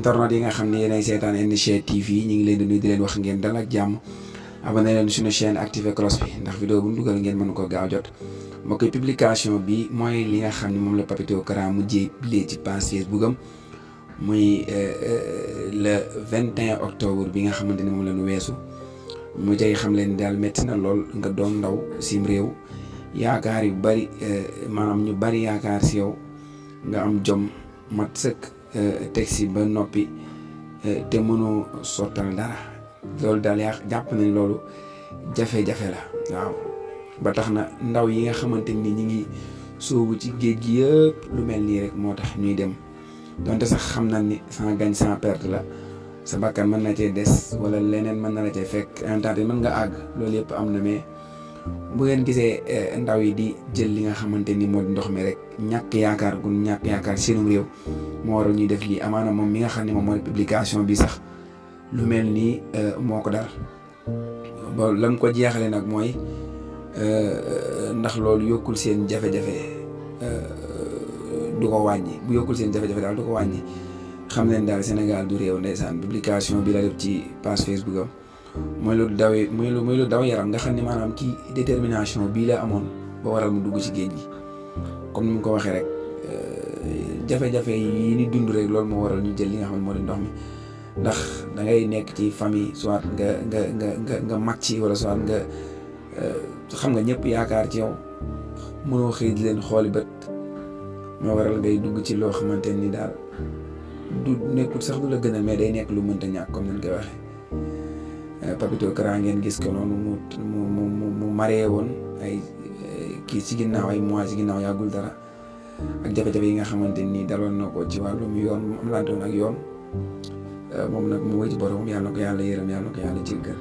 internet yi nga xam ne yéenay seetaan N-Chaîne TV ñu ngi leen di nuyu di leen wax ngeen dal ak jàmm abonné leen suñu chaîne activé cloche bi ndax vidéo bu ñu dugal ngeen mën ko gaaw jot mbokk publication bi mooy li nga xam ne moom la Papito Kara mujjee publié ci page Facebook am muy euh, euh, le 21 octobre bi nga xamante ne moom la ñu weesu mu jay xam leen daal métti na lool nga doon ndaw sim réew yaakaar yu bari euh, maanaam ñu bari yaakaar si yow nga am jom mat sëkk. Euh, teg si ba noppi euh, te mënoo sottal dara loolu daal yaa jàpp nañ loolu jafe-jafe la waaw ba tax na ndaw yi nga xamante ni ñi ngi soobu ci géej gi yëpp lu mel nii rek moo tax ñuy dem donte sax xam na ni sans gagne sans perte la sa bakkan mën na cee des wala leneen mën na la cee fekk en tant mën nga àgg loolu yëpp am na mais bu ngeen gisee eh, ndaw yi di jël li nga xamante ni moo di ndox mi rek ñàkk yaakaar gun ñàkk yaakaar seenum réew moo waral ñuy def lii amaana moom mi nga xam ne moom mooy publication bi sax lu mel nii eh, moo ko dar ba ko jeexale nag mooy eh, ndax loolu yokkul seen jafe-jafe wàññi bu yokkul seen jafe-jafe daal du ko wàññi xam leen daal Sénégal du réew ndeysaan publication bi la def ci page Facebook mooy lu dawee mooy lu daw yaram nga xam ne maanaam ci détermination bii la amoon ba waral mu dugg ci géej gi comme ni mu ko waxee rek euh, jafe-jafe yi ni dund rek loolu moo waral ñu jël li nga xam ne moo ndox mi ndax da ngay nekk ci famille soit nga nga mag ci wala soit euh, xam nga ñëpp yaakaar ci yow mënoo di leen xooli bët moo waral ngay dugg ci loo xamante ni daal du nekkul sax du la gën a mais day nekk lu mënta ñàkk comme nañ koy waxee. Euh, Papito Kara ngeen gis ko noonu mu mu mu mu maree woon ay kii ci ginnaaw ay mois ci ginnaaw yàggul dara ak jafe-jafe yi nga xamante ni daloon na ko ci wàllum yoon mu am laa doon ak yoon euh, moom nag mu wëy ci borom yàlla na ko yàlla yërëm yàlla na ko yàlla jéggal